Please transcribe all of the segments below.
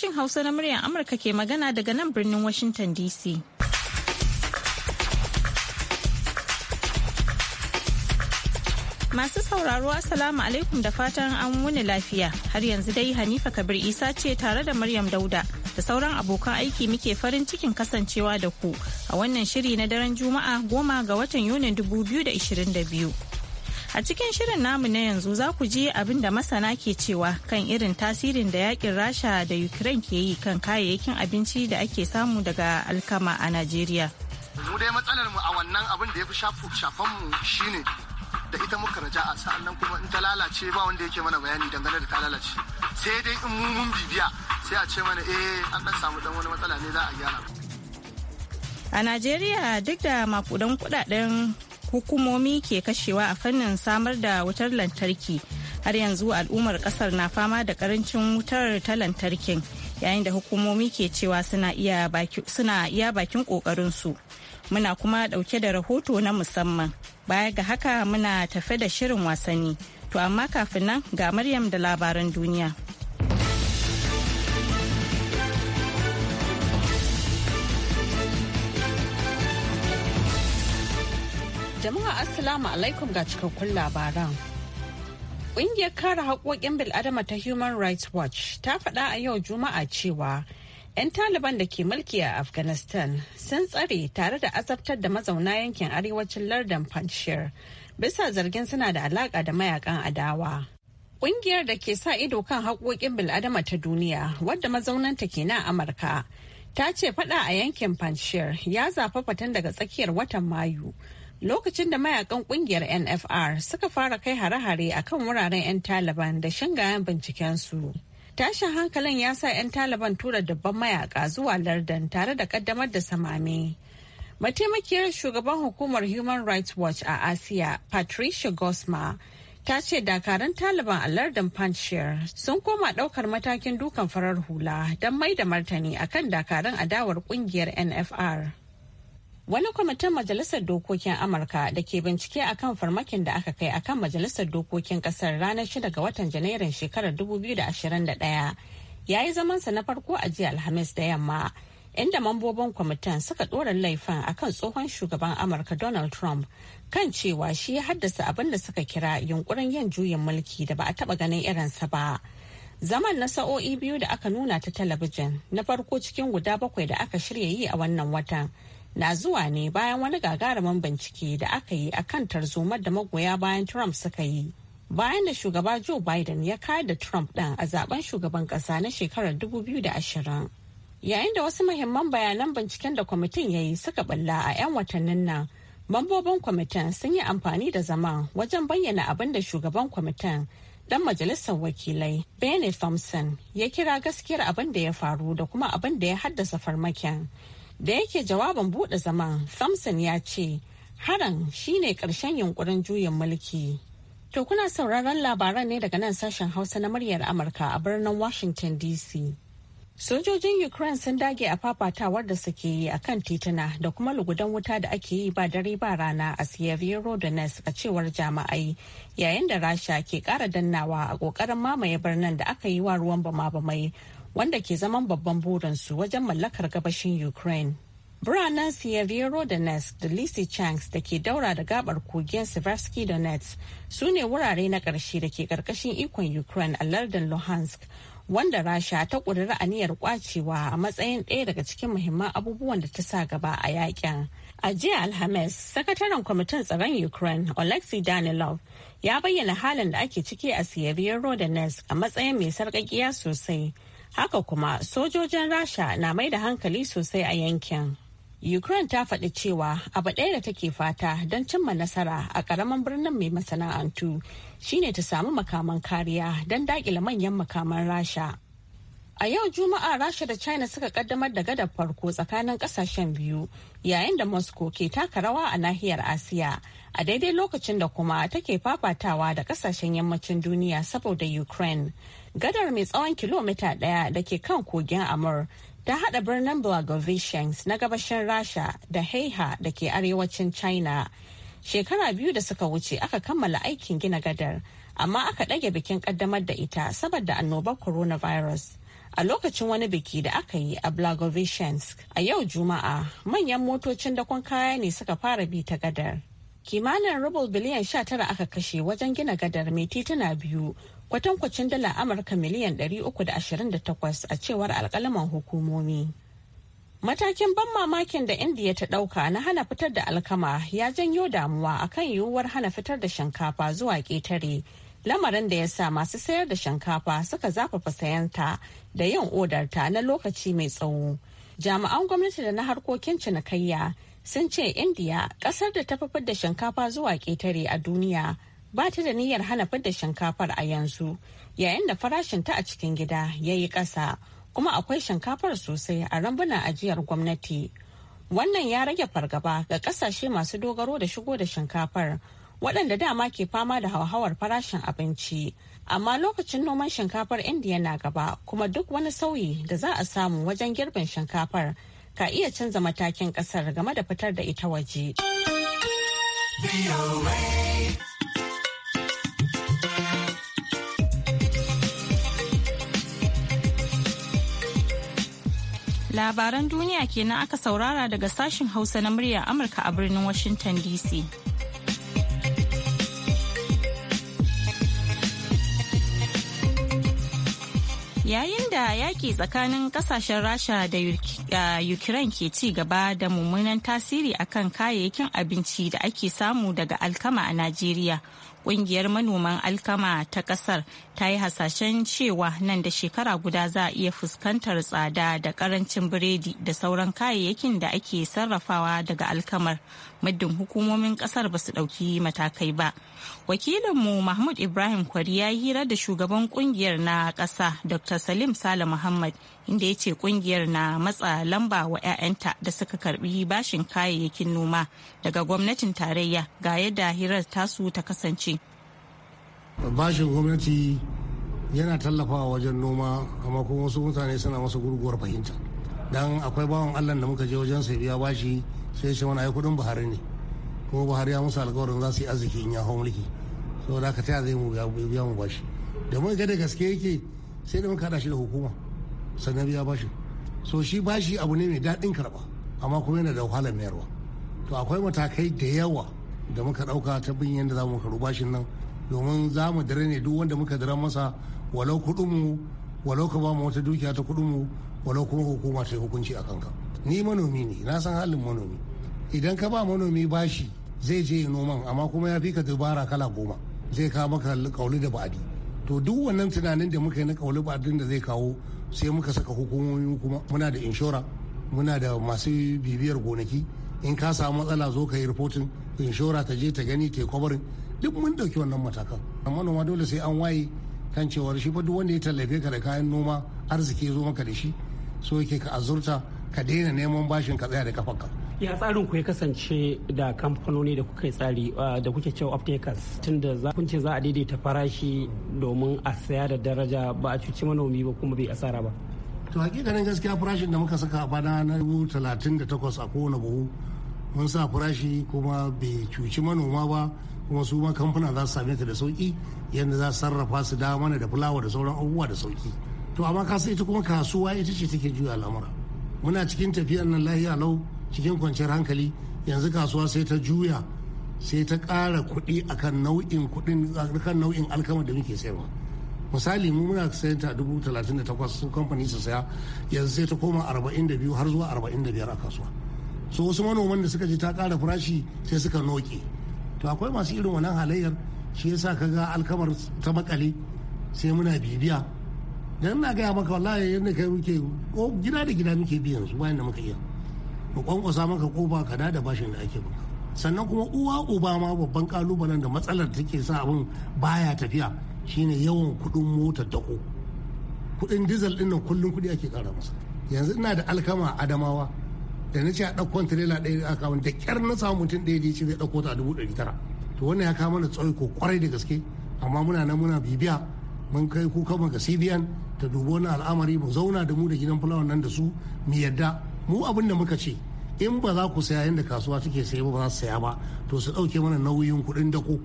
Sashin Hausa na muryar Amurka ke magana daga nan birnin Washington DC. Masu sauraro Assalamu alaikum da fatan an wuni lafiya. Har yanzu dai Hanifa Kabir Isa ce tare da Maryam Dauda da sauran abokan aiki muke farin cikin kasancewa da ku a wannan shiri na daren Juma'a goma ga watan Yunin 2022. A cikin shirin namu na yanzu za ku ji abin da masana ke cewa kan irin tasirin da yakin Rasha da Ukraine ke yi kan kayayyakin abinci da ake samu daga alkama a Najeriya. Mu dai matsalar mu a wannan abin da ya fi shafan mu shine da ita muka raja a sa'an nan kuma in ta lalace ba wanda yake mana bayani dangane da ta lalace. Sai dai in mu mun bibiya sai a ce mana eh an dan samu dan wani matsala ne za a gyara. A Najeriya duk da makudan kudaden hukumomi ke kashewa a fannin samar da wutar lantarki har yanzu al'ummar kasar na fama da karancin wutar ta lantarkin yayin da hukumomi ke cewa suna iya bakin kokarinsu muna kuma dauke da rahoto na musamman baya ga haka muna tafe da shirin wasanni to amma kafin nan ga maryam da labaran duniya. Jama'a Assalamu alaikum ga cikakkun labaran. Ƙungiyar kare haƙoƙin bil'adama ta Human Rights Watch ta faɗa a yau Juma'a cewa 'yan Taliban da ke mulki a Afghanistan sun tsare tare da azabtar da mazauna yankin arewacin lardin Panjshir bisa zargin suna da alaƙa da mayakan adawa. Ƙungiyar da ke sa ido kan haƙoƙin bil'adama ta duniya wadda mazaunanta ke na Amurka ta ce faɗa a yankin Panjshir ya zafafa tun daga tsakiyar watan Mayu. lokacin da mayakan kungiyar nfr suka fara kai hare-hare a kan wuraren 'yan taliban da shingayen bincikensu tashin hankalin ya sa 'yan taliban tura dabban mayaka zuwa lardan tare da kaddamar da samami mataimakiyar shugaban hukumar human rights watch a asiya patricia gosma ta ce dakarun taliban a lardin panchir sun koma daukar matakin dukan farar hula don mai da martani akan dakarun adawar kungiyar nfr Wani kwamitin Majalisar Dokokin Amurka da ke bincike a kan farmakin da aka kai akan Majalisar Dokokin Kasar ranar 6 ga watan Janairun shekarar 2021 ya yi zamansa na farko a jiya Alhamis da yamma, inda mambobin kwamitin suka ɗora laifin kan tsohon shugaban Amurka Donald Trump kan cewa shi ya haddasa abin da suka kira yunkurin yin juyin mulki da ba a taba ganin irinsa ba. zaman na sa'o'i biyu da aka nuna ta talabijin na farko cikin guda bakwai da aka shirya yi a wannan watan na zuwa ne bayan wani gagarumin bincike da aka yi a kan tarzomar da magoya bayan Trump suka yi. Bayan da shugaba Joe Biden ya kayar da Trump ɗin a zaben shugaban ƙasa na shekarar 2020. Yayin da wasu mahimman bayanan binciken da kwamitin ya yi suka balla a 'yan watannin nan, mambobin kwamitin sun yi amfani da zama wajen bayyana abin da shugaban kwamitin ɗan majalisar wakilai Benny Thompson ya kira gaskiyar abin da ya faru da kuma abin da ya haddasa farmakin. da yake jawabin bude zama samson ya ce haran shine karshen yunkurin juyin mulki to kuna sauraron labaran ne daga nan sashen hausa na muryar amurka a birnin washington dc sojojin ukraine sun dage a fafatawar da suke yi a kan tituna da kuma lugudan wuta da ake yi ba dare ba rana a sierra donetsk a cewar jama'ai yayin da rasha ke kara dannawa a kokarin mamaye birnin da aka yi wa ruwan bama-bamai wanda ke zaman babban burinsu wajen mallakar gabashin ukraine biranen sierra rodenes da lysychansk da ke daura da gabar kogin seversky donetsk su ne wurare na ƙarshe da ke ƙarƙashin ikon ukraine a lardin luhansk wanda rasha ta a aniyar kwacewa a matsayin ɗaya daga cikin muhimman abubuwan da ta sa gaba a yakin a jiya alhamis sakataren kwamitin tsaron ukraine oleksiy danilov ya bayyana halin da ake ciki a sierra rodenes a matsayin mai sarƙaƙiya sosai haka kuma sojojin rasha na mai da hankali sosai a yankin ukraine ta faɗi cewa abu ɗaya da take fata don cimma nasara a ƙaramin birnin mai masana'antu shine ta samu makaman kariya don daƙile manyan makaman rasha A yau Juma'a Rasha da China suka kaddamar da gadar farko tsakanin kasashen biyu yayin da Moscow ke taka rawa a nahiyar Asiya a daidai lokacin da kuma take fafatawa da kasashen yammacin duniya saboda Ukraine. Gadar mai tsawon kilomita ɗaya da ke kan kogin Amur ta haɗa birnin Blagoveshensk na gabashin Rasha da Heiha da ke arewacin China. Shekara biyu da suka wuce aka kammala aikin gina gadar, amma aka ɗage bikin ƙaddamar da ita saboda annobar coronavirus. a lokacin wani biki da aka yi a Blagoveshensk a yau Juma'a manyan motocin dakon kaya ne suka fara bi ta gadar. Kimanin rubel biliyan 19 aka kashe wajen gina gadar mai tituna biyu kwatankwacin dala Amurka miliyan 328 a cewar alkalaman hukumomi. Matakin ban mamakin da Indiya ta ɗauka na hana fitar da alkama ya janyo damuwa akan yiwuwar hana fitar da shinkafa zuwa ƙetare lamarin da ya sa masu sayar da shinkafa suka zafafa sayanta da yin odarta na lokaci mai tsawo jami'an gwamnati da na harkokin cinikayya sun ce indiya kasar da ta fi da shinkafa zuwa ƙetare a duniya ba ta da niyyar hana fidda shinkafar a yanzu yayin da farashinta a cikin gida ya yi ƙasa kuma akwai shinkafar sosai a rambunan ajiyar gwamnati wannan ya rage fargaba ga kasashe masu dogaro da shigo da shinkafar waɗanda dama ke fama da hauhawar farashin abinci amma lokacin noman shinkafar indiya na gaba kuma duk wani sauyi da za a samu wajen girbin shinkafar ka iya canza matakin ƙasar game da fitar da ita waje. Labaran duniya kenan aka saurara daga sashen Hausa na murya Amurka a birnin Washington DC. yayin da yaƙi tsakanin ƙasashen rasha da ukraine ke ci gaba da mummunan tasiri akan kayayyakin abinci da ake samu daga alkama a najeriya kungiyar manoman alkama ta kasar ta yi hasashen cewa nan da shekara guda za a iya fuskantar tsada da karancin biredi da sauran kayayyakin da ake sarrafawa daga alkamar muddin hukumomin kasar ba su ɗauki matakai ba wakilinmu mahmud ibrahim kwari ya hira da shugaban kungiyar na ƙasa dr salim sale muhammad inda ya ce kungiyar na matsa lamba wa 'ya'yanta da suka karbi bashin kayayyakin noma daga gwamnatin tarayya ga yadda hirar tasu ta kasance. Bashin gwamnati yana tallafawa wajen noma amma kuma wasu mutane suna masa gurguwar fahimta. Dan akwai bawan Allah da muka je wajen sai biya bashi sai shi wani kudin Buhari ne. Kuma Buhari ya musu alkawarin za su yi arziki in ya hau mulki. Saboda haka ta zai mu biya mu bashi. Da mun ga da gaske yake sai da muka hada shi da hukuma. sannan biya bashin so shi bashi abu ne mai daɗin karɓa amma kuma yana da wahalar mayarwa to akwai matakai da yawa da muka ɗauka ta bin yadda za mu karu bashin nan domin za mu dare ne duk wanda muka dare masa walau kuɗinmu walau ka ba mu wata dukiya ta kuɗin mu walau kuma hukuma ta hukunci a kanka ni manomi ne na san halin manomi idan ka ba manomi bashi zai je noman amma kuma ya fi ka dubara kala goma zai kawo maka kauli da ba'adi to duk wannan tunanin da muka yi na kauli ba'adin da zai kawo sai muka saka hukumomi kuma muna da inshora muna da masu bibiyar gonaki in ka samu matsala zo ka yi rifotin inshora ta je ta gani ta kwabarin duk mun dauki wannan matakan amma noma dole sai an waye kan cewar shi fa duk wanda ya tallafe ka da kayan noma arziki ya zo maka da shi so yake ka azurta ka daina neman bashin ka tsaya da kafarka ya tsarin ku ya kasance da kamfanoni da kuka tsari uh, da kuke cewa uptakers tunda za kun za a daidaita farashi domin a saya da daraja ba a cuci manomi ba kuma bai asara ba to hakikanin gaskiya farashin da muka saka a bana na dubu talatin da takwas a kowane buhu mun sa farashi kuma bai cuci manoma ba kuma su ma kamfuna za su same ta da sauki yadda za su sarrafa su da mana da fulawa da sauran abubuwa da sauki to amma kasa ita kuma kasuwa ita ce take juya al'amura muna cikin tafiyar nan lahiya lau cikin kwanciyar hankali yanzu kasuwa sai ta juya sai ta ƙara kuɗi akan nau'in kuɗin akan nau'in alkama da muke sayarwa misali mu muna sayan ta dubu talatin da takwas kamfani su saya yanzu sai ta koma arba'in da biyu har zuwa arba'in da biyar a kasuwa so wasu manoman da suka ji ta ƙara farashi sai suka noke to akwai masu irin wannan halayyar shi yasa ka ga alkamar ta makale sai muna bibiya dan na gaya maka wallahi yadda kai muke gida da gida muke biyan su bayan da muka iya mu kwankwasa maka kofa ka da bashin da ake ba sannan kuma uwa uba ma babban kalubalen da matsalar take sa abin baya tafiya shine yawan kudin motar dako kudin dizal din nan kullun kudi ake kara masa yanzu ina da alkama adamawa da na ce a ɗaukon tirela ɗaya da aka da kyar na samu mutum ɗaya da ce zai ɗauko ta a dubu ɗari tara to wannan ya kama da tsaiko kwarai da gaske amma muna nan muna bibiya mun kai kuka ga cbn ta dubo wani al'amari mu zauna da mu da gidan fulawan nan da su mu yadda mu abin da muka ce in ba za ku saya yadda kasuwa take saye ba za su saya ba to su ɗauke mana nauyin kuɗin dako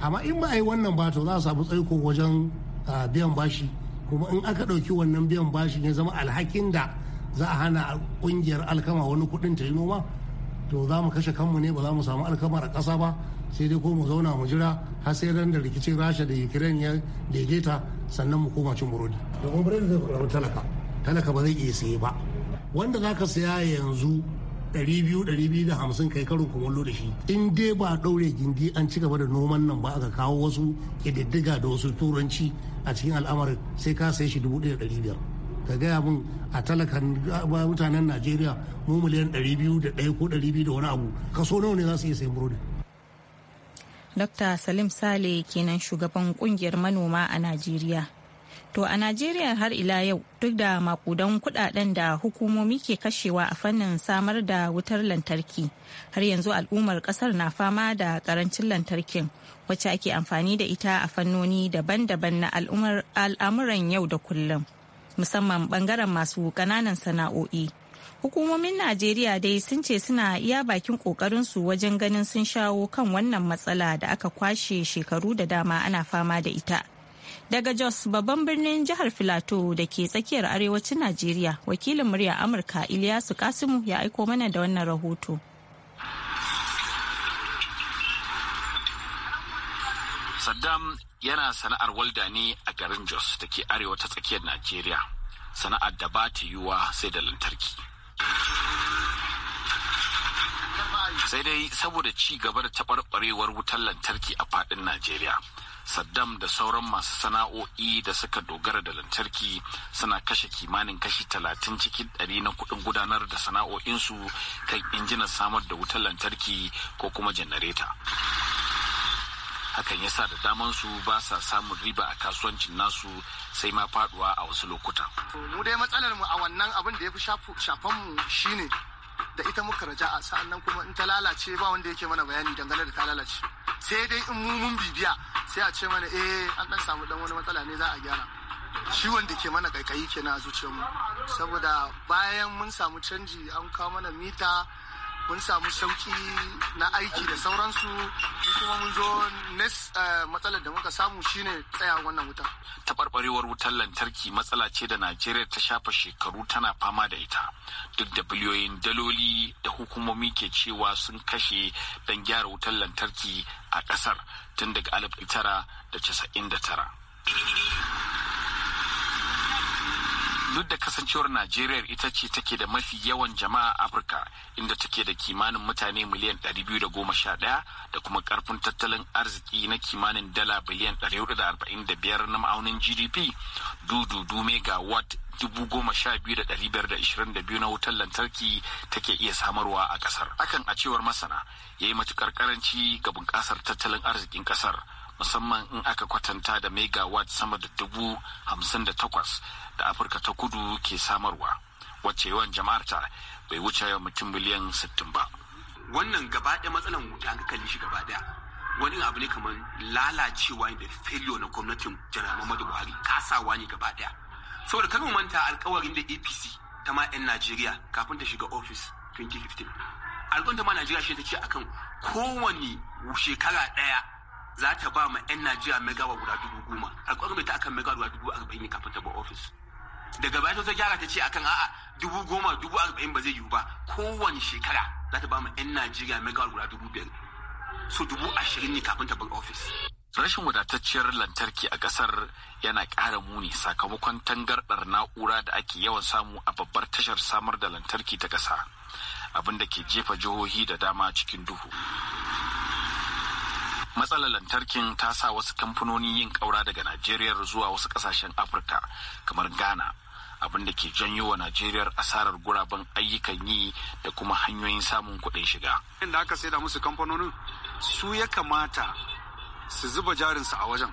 amma in ba a yi wannan ba to za a samu tsaiko wajen biyan bashi kuma in aka ɗauki wannan biyan bashi ne zama alhakin da za a hana ƙungiyar alkama wani kuɗin ta yi noma to za mu kashe kanmu ne ba za mu samu alkama a ƙasa ba sai dai ko mu zauna mu jira har sai ran da rikicin rasha da ukraine ya daidaita sannan mu koma cin burodi domin burodi zai talaka talaka ba zai iya saye ba wanda za ka saya yanzu 200-250 kai karin kumallo da shi in dai ba ɗaure gindi an ci gaba da noman nan ba aka kawo wasu ƙididdiga da wasu turanci a cikin al'amarin sai ka sai shi 1,500 ka gaya mun a talakan mutanen najeriya mu miliyan 200 ko 200 da wani abu kaso nawa ne za su iya sayan burodi Dr. Salim Sale kenan shugaban kungiyar manoma a Najeriya. To a Najeriya har ila yau duk da makudan kudaden da hukumomi ke kashewa a fannin samar da wutar lantarki har yanzu al'ummar kasar na fama da karancin lantarkin wacce ake amfani da ita a fannoni daban-daban na al'amuran yau da kullum musamman bangaren masu kananan sana'o'i. Hukumomin Najeriya dai sun ce suna iya bakin su wajen ganin sun shawo kan wannan matsala da aka kwashe shekaru da dama ana fama da ita. Daga Jos babban birnin jihar Filato da ke tsakiyar arewacin Najeriya wakilin murya Amurka Iliyasu Kasimu ya aiko mana da wannan rahoto. Saddam yana sana'ar walda ne a garin Jos da ke arewa ta tsakiyar Najeriya. Sana'ar da ba ta yiwuwa sai da lantarki. Sai dai saboda ci gaba da taɓarɓarewar wutar lantarki a faɗin Najeriya. saddam da sauran masu sana'o'i da suka dogara da lantarki suna kashe kimanin kashi talatin cikin ɗari na kuɗin gudanar da sana'o'insu kan injinan samar da wutar lantarki ko kuma janareta hakan yasa da daman su ba sa samun riba a kasuwancin nasu sai ma faduwa a wasu lokuta. mu dai matsalar mu a wannan abin da ya fi shafan mu shine da ita muka raja sa'an nan kuma in ta lalace ba wanda yake mana bayani dangane da ta lalace. sai dai in mu mun bibiya sai a ce mana eh an dan samu dan wani matsala ne za a gyara ciwon da ke mana kaikayi kenan a mu saboda bayan mun samu canji an kawo mana mita mun samu sauki na aiki da sauransu kuma mun zo nes eh, matsalar da muka samu shine tsaya wannan wuta taɓarɓarewar wutar lantarki matsala ce da najeriya ta shafa shekaru tana fama da ita duk da biliyoyin daloli da hukumomi ke cewa sun kashe don gyara wutar lantarki a ƙasar tun daga 1999 duk da kasancewar najeriya ita ce take da mafi yawan jama'a afirka inda take da kimanin mutane miliyan 211 da kuma karfin tattalin arziki na kimanin dala biliyan 445 na ma'aunin gdp dududu megawatt 12,522 na wutar lantarki take iya samarwa a kasar akan a cewar masana ya yi matuƙar karanci ga bunƙasar tattalin arzikin kasar musamman in aka kwatanta da megawatt sama da dubu hamsin da takwas da afirka ta kudu ke samarwa wacce yawan jama'ar ta bai wuce yawan mutum miliyan sittin ba wannan gaba ɗaya matsalan wuta an kalli shi gaba ɗaya wani abu ne kamar lalacewa da failure na gwamnatin janar muhammadu buhari kasawa ne gaba ɗaya saboda kan manta alkawarin da apc ta ma 'yan najeriya kafin ta shiga ofis 2015 alkawarin ta ma najeriya shi ta ce akan kowane shekara ɗaya za ta ba ma 'yan Najeriya megawa guda dubu goma. Alƙawarin ta akan megawa guda dubu arba'in ne kafin ta ba ofis. Daga baya ta gyara ta ce akan a'a dubu goma dubu arba'in ba zai yiwu ba kowane shekara za ta ba ma 'yan Najeriya megawa guda dubu biyar. So dubu ashirin ne kafin ta bar ofis. Rashin wadatacciyar lantarki a ƙasar yana ƙara muni sakamakon tangarɗar na'ura da ake yawan samu a babbar tashar samar da lantarki ta ƙasa, abin da ke jefa jihohi da dama cikin duhu. matsalar lantarkin ta sa wasu kamfanoni yin ƙaura daga najeriya zuwa wasu kasashen afirka kamar ghana abin da ke janyo wa najeriyar asarar guraben ayyukan yi da kuma hanyoyin samun kuɗin shiga inda aka saida musu kamfanonin su ya kamata su zuba jarinsu a wajen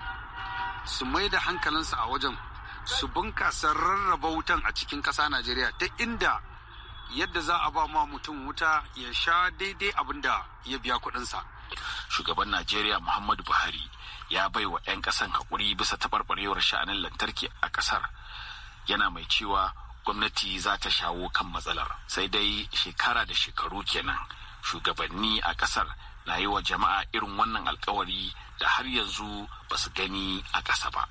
su mai da hankalinsu a wajen su bunkasa rarraba wutan a cikin ƙasa najeriya ta inda yadda za a ba ma mutum wuta ya sha daidai abin da ya biya kuɗinsa shugaban najeriya muhammadu buhari ya bai wa 'yan ƙasan haƙuri bisa taɓarɓarewar sha'anin lantarki a ƙasar yana mai cewa gwamnati za ta shawo kan matsalar sai dai shekara da shekaru kenan shugabanni a ƙasar na yi wa jama'a irin wannan alkawari da har yanzu ba su gani a ƙasa ba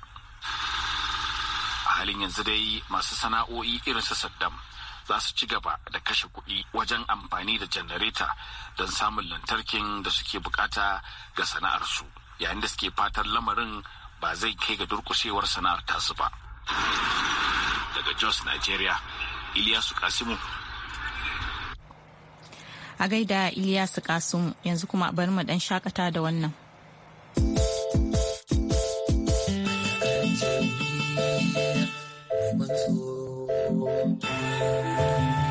a halin yanzu dai masu sana'o'i irin su saddam za su ci gaba da kashe kuɗi wajen amfani da janareta don samun lantarkin da suke bukata ga sana'arsu yayin da suke fatan lamarin ba zai kai ga durkushewar sana'ar tasu ba daga jos nigeria iliyasu kasimu a gaida iliyasu kasimu yanzu kuma bari mu dan shakata da wannan 满足。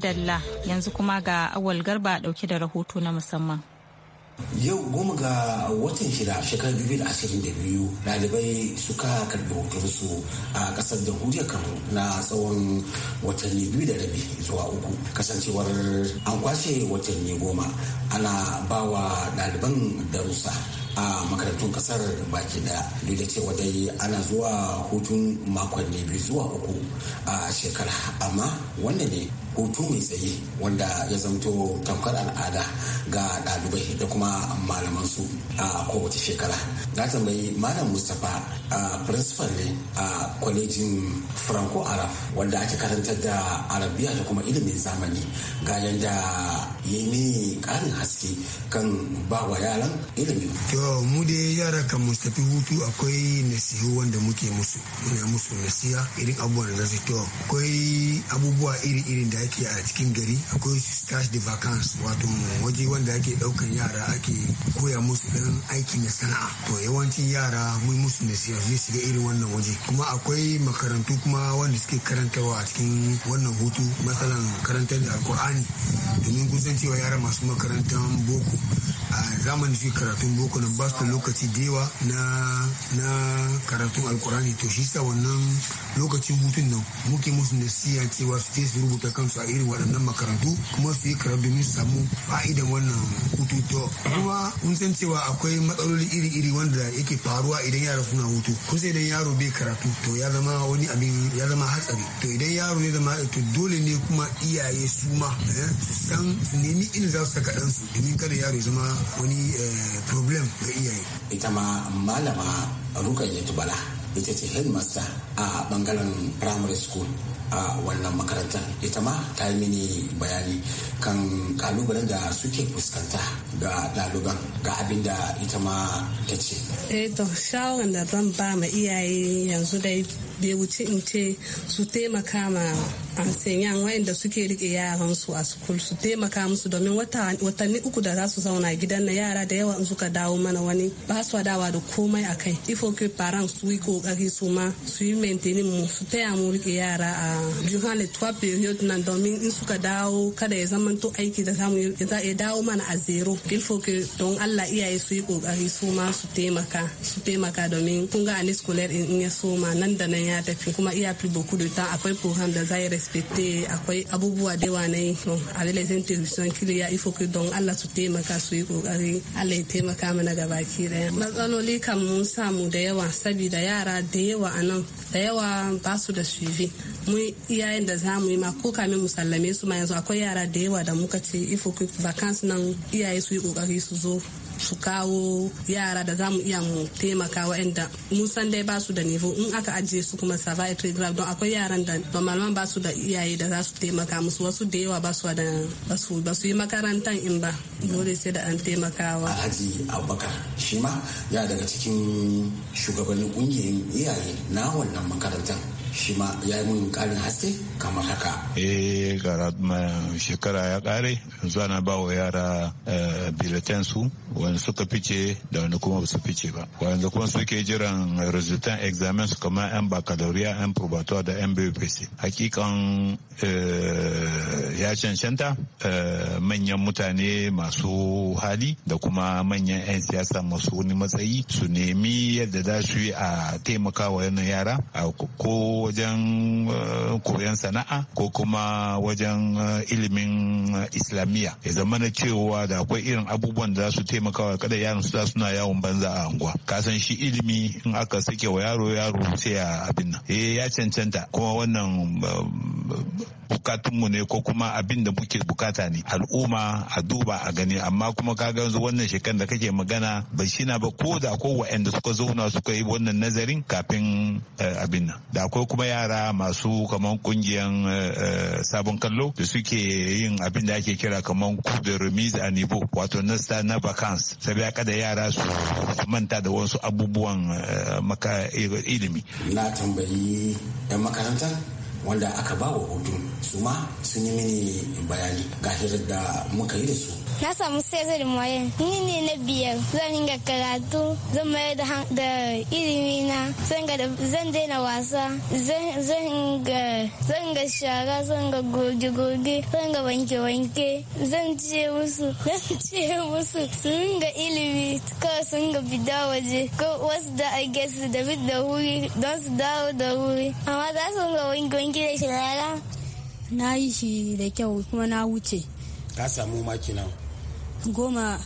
Dalla yanzu kuma ga awal garba dauke da rahoto na musamman. Yau goma ga watan shida shekarar 2022 ɗalibai suka karbi hotunsu a ƙasar jamhuriyar kano na tsawon watanni biyu da rabi zuwa uku kasancewar an kwashe watanni goma ana bawa ɗaliban darussa a makarantun kasar baki da duk da cewa dai ana zuwa hutun makonni biyu zuwa uku a shekara amma wannan ne hutu mai tsaye wanda ya zamto tamkar al'ada ga ɗalibai da kuma malaman su a kowace shekara na tambayi malam mustapha a principal ne a kwalejin franco arab wanda ake karantar da arabiya da kuma ilimin zamani ga yadda ya yi mini ƙarin haske kan ba wa yaran ilimi to mu dai yara kan mustafi hutu akwai nasihu wanda muke musu muna musu nasiha irin abubuwa da za su to akwai abubuwa iri irin da ake a cikin gari akwai stage de vacance wato waje wanda ake daukan yara ake koya musu ɗan aiki na sana'a to yawancin yara mun musu nasiha zai shiga irin wannan waje kuma akwai makarantu kuma wanda suke karantarwa a cikin wannan hutu matsalan karantar da alkur'ani domin kusan cewa yara masu makarantar boko a zamanin shi karatun boko na ba su lokaci da yawa na karatun alkur'ani to shi sa wannan lokacin hutun nan muke musu nasiha cewa su je su rubuta kan a irin waɗannan makarantu kuma su yi karatu domin su samu fa'idan wannan hutu to kuma mun san cewa akwai matsaloli iri-iri wanda yake faruwa idan yara suna hutu kun sai idan yaro bai karatu to ya zama wani abin ya zama hatsari to idan yaro ne zama to dole ne kuma iyaye su ma eh, su san su nemi inda za su saka ɗansu domin kada yaro ya zama wani eh, problem ga iyaye. ita ma malama rukayya tubala ita ce headmaster a bangaren primary school a wannan makaranta ita ma ta yi mini bayani kan kalubalen da suke fuskanta ga daluban ga abin da ita ma ta ce. eh to shawarar da zan ba ma iyaye yanzu dai bai wuce in ce su taimaka ma ansenyan wayanda suke rike yaran su a school su taimaka musu domin watanni uku da za su zauna gidan na yara da yawa in suka dawo mana wani ba su dawa da komai a kai ifo ke faran su yi kokari su ma su yi maintaining mu su taya mu rike yara a juhan le trois period nan domin in suka dawo kada ya zama to aiki da samu za a dawo mana a zero ifo ke don Allah iyaye su yi kokari su ma su taimaka su taimaka domin kun ga aniskular in ya ma nan da nan ya tafi kuma iya fi boku da ta akwai program da za yi respecte akwai abubuwa da yawa na yi a lalacin television kiri ya ifo ki don allah su taimaka su yi kokari allah ya taimaka mana gaba ki daya matsaloli kan mun samu da yawa saboda yara da yawa a nan da yawa ba su da suivi mu iyayen da za mu yi ma ko kamin mu sallame su ma yanzu akwai yara da yawa da muka ce ifo ki vacance nan iyaye su yi kokari su zo su kawo yara da za mu iya mu taimaka wa'anda mun san dai ba su da nivo in aka ajiye su kuma survival grab don akwai yaran da malaman ba su da iyaye da za su taimaka musu wasu da yawa ba su da ba su yi makarantar in ba dole sai da an taimakawa a aji abubakar shi ma ya daga cikin shugabannin kungiyar iyaye na wannan makarantar shi ma ya yi mun karin haske kamar haka. Eh gara shekara ya kare yanzu ana ba wa yara eh, biletan su wani suka fice da wani kuma ba su fice ba. Wanda kuma suke jiran resultant examen su kamar yan baccalaureate yan probatoire da yan BBC. Hakikan eh, ya cancanta eh, manyan mutane masu hali da kuma manyan 'yan siyasa masu wani matsayi su nemi yadda za su yi a taimaka wa yara a ko wajen eh, koyon sana'a ko kuma wajen eh, ilimin eh, islamiyya ya zama na cewa da akwai irin abubuwan da za su taimakawa kada yaran su suna yawon banza a unguwa kasan shi ilimi in aka sake wa yaro yaro sai ya abin nan eh ya cancanta kuma wannan bukatunmu ne ko kuma abin da muke bukata ne al'umma a duba a gani amma kuma ka ga wannan shekaran da kake magana shi shina ba ko da ko wa'anda suka zauna suka yi wannan nazarin kafin abin nan da akwai kuma yara masu kaman kungiyan eh, eh, sabon kallo da suke yin abin da ake kira kaman de remise a niveau wato nasta na vacance sabi aka da yara su manta da wasu abubuwan eh, maka ilimi na tambayi 'yan makaranta wanda aka ba wa hutu su ma sun yi mini bayani ga da muka yi da su na samu sezar moyen ni ne na biyar zan yi karatu zan mayar da ilimi na zan daina wasa zan ga shara zan ga goge-goge zan ga wanke-wanke zan ce musu zan ce musu su ga ilimi kawai sun ga bida waje ko wasu da a su da da wuri don su dawo da wuri amma za su ga wanke-wanke da shara na yi shi da kyau kuma na wuce ka samu maki nawa goma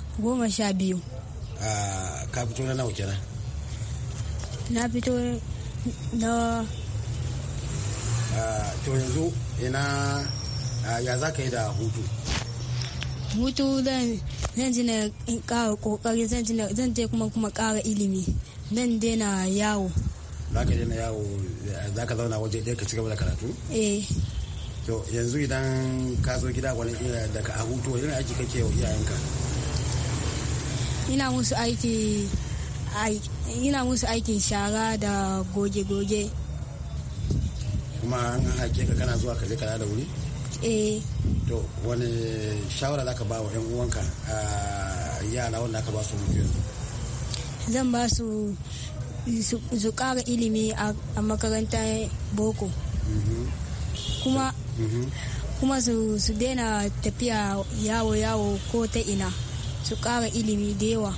sha biyu ka fito na nawa kenan na fito na to yanzu ina ya za ka yi da hutu hutu zan ji na ƙara kokari zan je kuma kuma kara ilimi zan daina yawo za ka daina yawo za ka zauna waje ɗaya ka ci gaba da karatu eh yanzu idan ka zo gida wani daga hutu irin aiki kake wa iyayenka ina musu aiki ina musu aikin shara da goge-goge kuma an haƙe ka kana zuwa kaje kana da wuri eh to wani shawara za ka ba wa 'yan uwanka a yara wanda aka ba su mutu yanzu zan ba su su ƙara ilimi a makarantar boko mm-hmm. kuma kuma su daina tafiya yawo-yawo ko ta ina su ƙara ilimi da yawa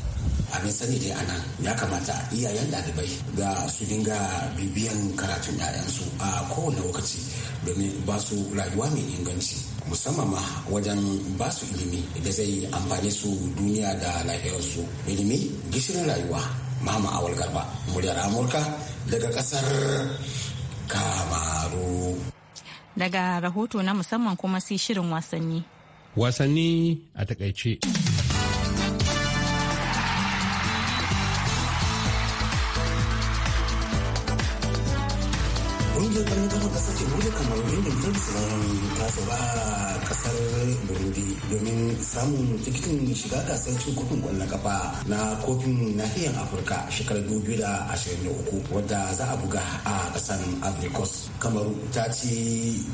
abin sani dai ana ya kamata iyayen ɗalibai ga su dinga bibiyan karatun 'ya'yansu a kowane lokaci domin ba su rayuwa mai inganci musamman ma wajen ba su ilimi da zai amfani su duniya da lafiyarsu ilimi gishirin rayuwa mama awal garba muryar amurka daga ƙasar kamaru daga rahoto na musamman kuma si shirin wasanni. Wasanni a takaice. Ƙungiyar sojin kamarorin da johnson ta ba kasar burundi domin samun tikitin shiga gasar cin kofin kwallon kafa na kofin nahiyar afirka shekarar 2023 wadda za a buga a kasar africos kamaru ta ci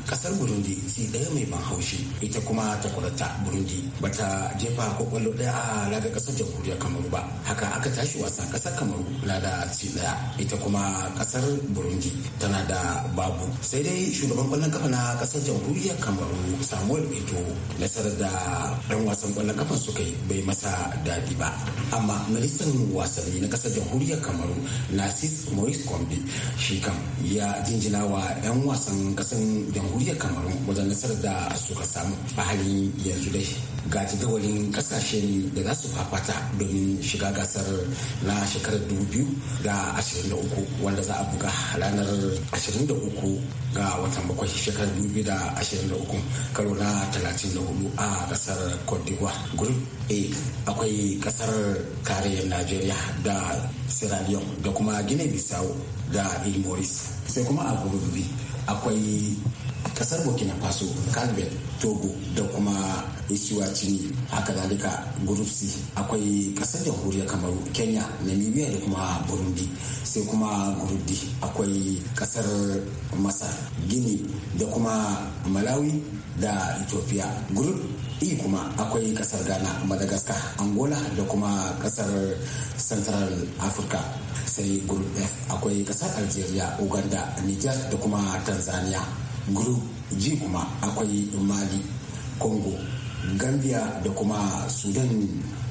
kasar burundi ci daya mai ban haushi ita kuma ta kwarata burundi bata jefa kwakwallo daya a laga kasar jamhuriyar kamaru ba haka aka tashi wasa kasar kamaru lada da ci daya ita kuma kasar burundi tana da babu sai dai shugaban kwallon kafa na kasar jamhuriyar kamaru samuel eto nasarar da dan wasan kwallon kafa suka yi bai masa daɗi ba amma ministan wasanni na kasar jamhuriyar kamaru nasis maurice kwambi shi kam ya jinjina wa 'yan wasan kasar jamhuriyar kamaru wajen nasarar da suka samu a halin yanzu dai ga jadawalin kasashen da za su fafata domin shiga gasar na shekarar 2023 wanda za a buga ranar 23 ga watan bakwai shekarar 2023 karo na 34 a kasar cote d'ivoire group a akwai kasar tarayyar najeriya da sierra leone da kuma guinea bissau da il maurice sai kuma a group akwai kasar burkina faso calvin togo da kuma isiwacini haka zalika group c akwai kasar jamhuriyar kamaru kenya namibia da kuma burundi sai kuma group akwai kasar masar gini da kuma malawi da ethiopia group e kuma akwai kasar ghana madagascar angola da kuma kasar central africa sai group f akwai kasar algeria uganda niger da kuma tanzania group G kuma akwai mali congo gambia da kuma sudan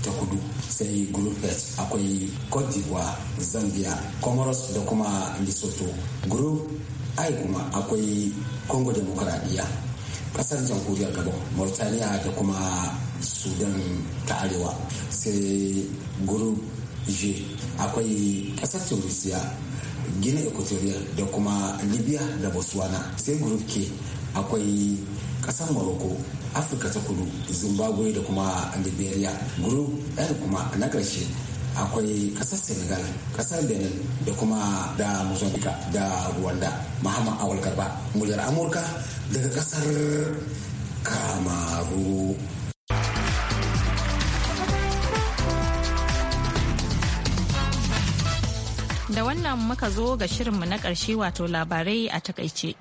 ta kudu sai group h akwai cote d'ivoire zambia comoros da kuma lesotho group i kuma akwai congo demokradiyya kasar jamhuriyar gabon mauritania da kuma sudan ta arewa sai group G akwai kasar tunisia gini equatorial da kuma libya da botswana sai group k akwai kasar morocco afirka ta kudu zimbabwe da kuma liberia group l kuma na ƙarshe akwai kasar senegal kasar benin da kuma da mozambika da rwanda mahama awal garba muryar amurka daga kasar kamaru Da wannan muka zo ga shirinmu na ƙarshe wato labarai a takaice.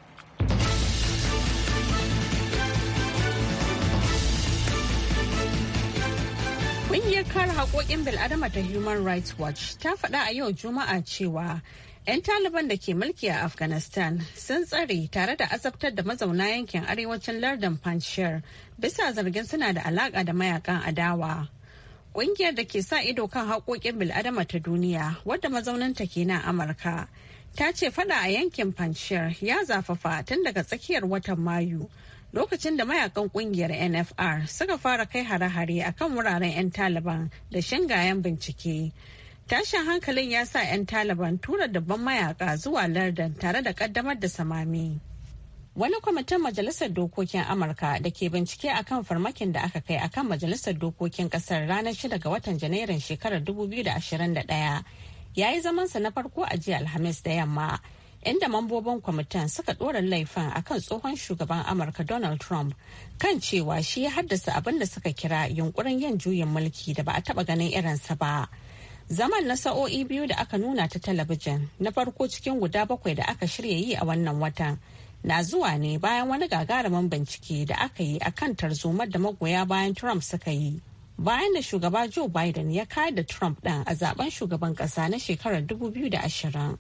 Ƙungiyar kare haƙoƙin bil'adama ta Human Rights Watch ta faɗa a yau Juma'a cewa 'yan Taliban da ke mulki a Afghanistan sun tsare tare da azabtar da mazauna yankin arewacin lardin Panjshir bisa zargin suna da alaƙa da mayakan adawa. Ƙungiyar da ke sa ido kan haƙoƙin bil'adama ta duniya wadda mazauninta ke nan Amurka ta ce fada a yankin Panchir ya zafafa tun daga tsakiyar watan Mayu lokacin da mayakan kungiyar NFR suka fara kai hare-hare a kan wuraren 'yan Taliban da shingayen bincike. Tashin hankalin ya sa 'yan Taliban tura dabban mayaka zuwa lardan tare da kaddamar da samami. Wani kwamitin Majalisar Dokokin Amurka da ke bincike a kan farmakin da aka kai a kan Majalisar Dokokin Kasar ranar 6 ga watan Janairun shekarar 2021 ya yi zamansa na farko a jiya Alhamis da yamma, inda mambobin kwamitin suka ɗora laifin kan tsohon shugaban Amurka Donald Trump kan cewa shi ya haddasa abin da suka kira yunkurin yin juyin mulki da ba a taɓa ganin irinsa ba. zaman na sa'o'i biyu da aka nuna ta talabijin na farko cikin guda bakwai da aka shirya yi a wannan watan na zuwa ne bayan wani gagarumin bincike da aka yi akan tarzomar da magoya bayan Trump suka yi. Bayan da shugaba Joe Biden ya kai da Trump ɗin a zaben shugaban ƙasa na shekarar 2020.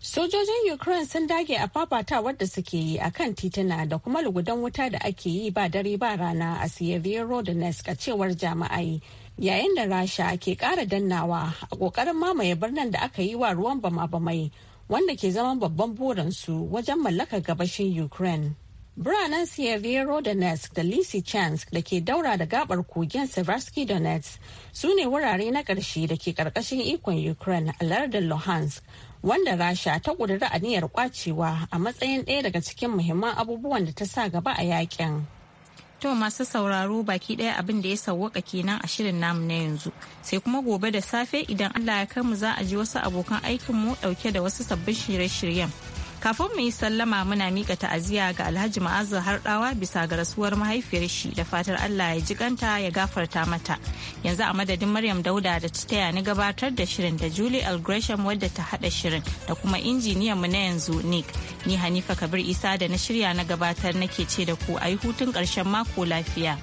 Sojojin Ukraine sun dage a fafata da suke yi a kan tituna da kuma lugudan wuta da ake yi ba dare ba rana a Sierra Donetsk a cewar jama'ai. Yayin da Rasha ke ƙara dannawa a ƙoƙarin mamaye birnin da aka yi wa ruwan bama-bamai wanda ke zama babban burinsu wajen mallakar gabashin ukraine biranen Sievero Donetsk da Lysychansk da ke daura da gabar kogin Seversky Donetsk su ne wurare na ƙarshe da ke ƙarƙashin ikon Ukraine a lardin Luhansk wanda Rasha ta a aniyar kwacewa a matsayin ɗaya daga cikin muhimman abubuwan da ta sa gaba a yakin. To masu sauraro baki ɗaya abin da ya sauwaka kenan a shirin namu na yanzu. Sai kuma gobe da safe idan Allah ya kai mu za a ji wasu abokan aikinmu ɗauke da wasu sabbin shirye-shiryen. kafin mu yi sallama muna mika ta'aziyya ga alhaji ma'azu harɗawa bisa ga rasuwar mahaifiyar shi da fatar allah ya kanta ya gafarta mata yanzu a madadin maryam dauda da ta taya ni gabatar da shirin da julie l wadda ta haɗa shirin da kuma injiniyan mu na yanzu nick ni hanifa kabir isa da na shirya na gabatar nake ce da ku a yi hutun ƙarshen mako lafiya.